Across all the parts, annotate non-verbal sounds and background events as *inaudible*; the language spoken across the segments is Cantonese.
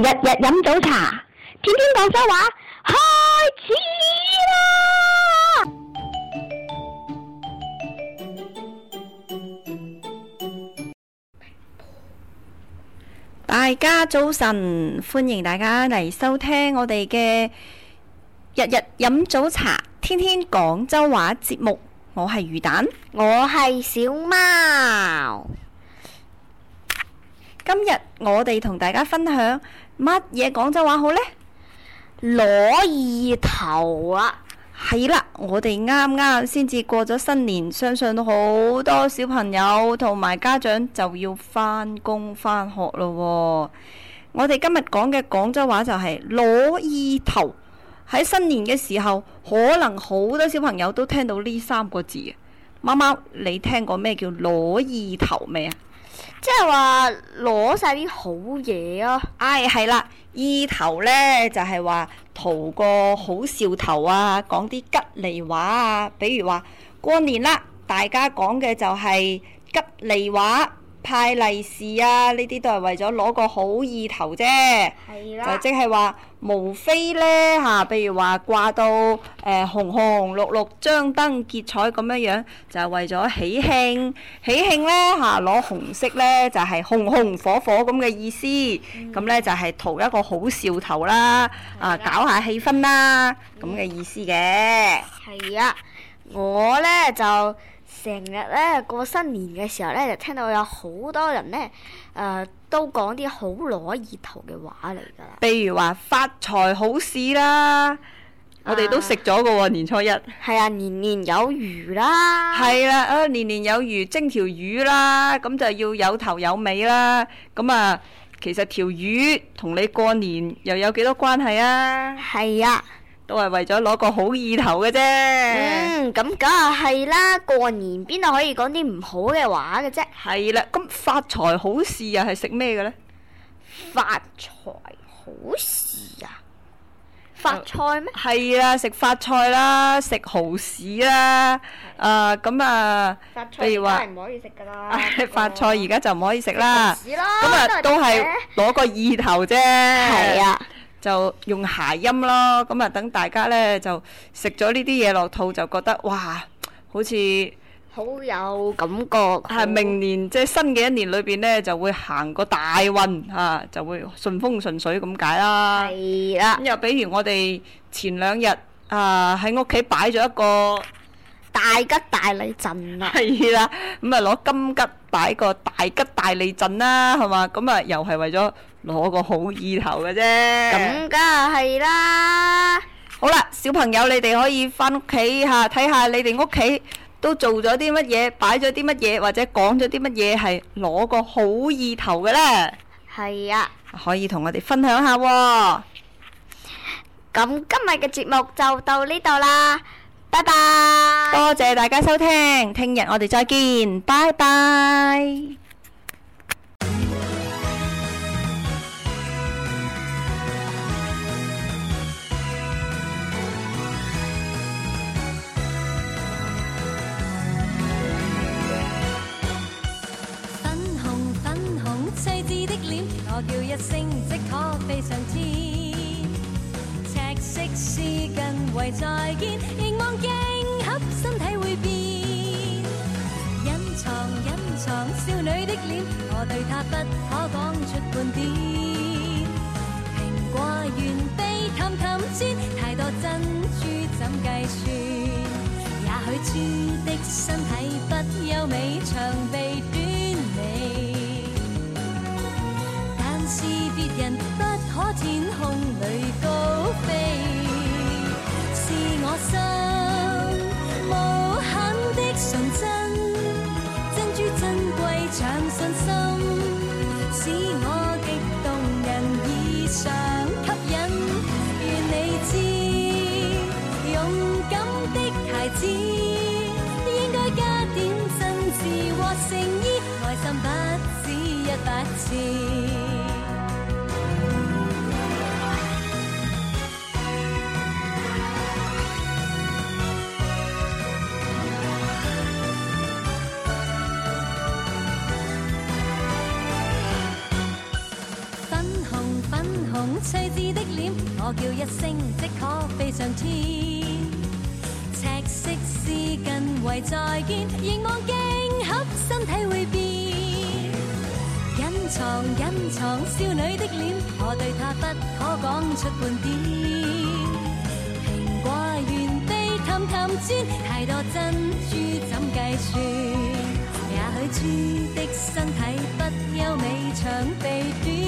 日日飲早茶，天天廣州話，開始啦！大家早晨，歡迎大家嚟收聽我哋嘅《日日飲早茶，天天廣州話》節目。我係魚蛋，我係小貓。今日我哋同大家分享乜嘢廣州話好呢？攞意頭啊！係啦，我哋啱啱先至過咗新年，相信好多小朋友同埋家長就要返工返學啦喎、哦。我哋今日講嘅廣州話就係攞意頭。喺新年嘅時候，可能好多小朋友都聽到呢三個字啊！貓貓，你聽過咩叫攞意頭未啊？即係話攞晒啲好嘢啊，哎係啦，意頭咧就係話圖個好兆頭啊，講啲吉利話啊，比如話過年啦，大家講嘅就係吉利話。派利是啊！呢啲都係為咗攞個好意頭啫，係啦，就即係話無非呢，嚇、啊，譬如話掛到誒、呃、紅紅綠綠、張燈結彩咁樣樣，就係、是、為咗喜慶。喜慶呢，嚇、啊，攞紅色呢，就係、是、紅紅火火咁嘅意思，咁、嗯、呢，就係、是、圖一個好兆頭啦，啊搞下氣氛啦，咁、嗯、嘅意思嘅。係啊，我呢，就。成日咧過新年嘅時候咧，就聽到有好多人咧，誒、呃、都講啲好攞意頭嘅話嚟㗎啦。譬如話發財好事啦，我哋都食咗個喎，年初一。係啊，年年有餘啦。係啦、啊，啊年年有餘蒸條魚啦，咁就要有頭有尾啦。咁啊，其實條魚同你過年又有幾多關係啊？係啊。都係為咗攞個好意頭嘅啫。嗯，咁梗係係啦，過年邊度可以講啲唔好嘅話嘅啫。係啦，咁發財好事又係食咩嘅呢？發財好事啊？發菜咩？係啊，食發菜啦，食蚝豉啦。啊，咁啊，譬如話，發菜而家唔可以食噶啦。 *laughs* 發財而家就唔可以食啦。咁啊，都係攞個意頭啫。係啊。就用諧音咯，咁啊等大家呢，就食咗呢啲嘢落肚，就覺得哇，好似好有感覺。係明年即係新嘅一年裏邊呢，就會行個大運啊，就會順風順水咁解啦。係啦。咁又比如我哋前兩日啊喺屋企擺咗一個大吉大利陣啦，啊。係啦。咁啊攞金吉擺個大吉大利陣啦，啊，係嘛？咁啊又係為咗攞個好意頭嘅啫，咁梗係啦。好啦，小朋友，你哋可以翻屋企吓，睇下你哋屋企都做咗啲乜嘢，擺咗啲乜嘢，或者講咗啲乜嘢，係攞個好意頭嘅咧。係啊，可以同我哋分享一下啊。咁今日嘅節目就到呢度啦，拜拜。多謝大家收聽，聽日我哋再見，拜拜。我叫一聲，即可飛上天。赤色絲巾圍在肩，凝望鏡盒身體會變。隱藏隱藏少女的臉，我對她不可講出半點。蘋果園被氹氹轉，太多珍珠怎計算？也許豬的身體不優美，長臂。.別人不可天空裏高飛，是我心無憾的純真。珍珠珍貴，長信心使我極動人，異常吸引。願你知勇敢的孩子應該加點真摯和誠意，愛心不止一百次。我叫一聲，即可飛上天。赤色絲巾圍在肩，凝望鏡盒身體會變。隱藏隱藏少女的臉，我對她不可講出半點。蘋果園被氹氹轉，太多珍珠怎計算？也許豬的身體不優美，長鼻短。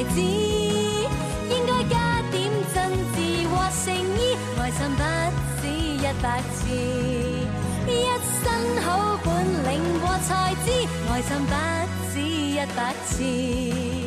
孩子應該加點真摯或誠意，愛心不止一百次，一身好本領和才智，愛心不止一百次。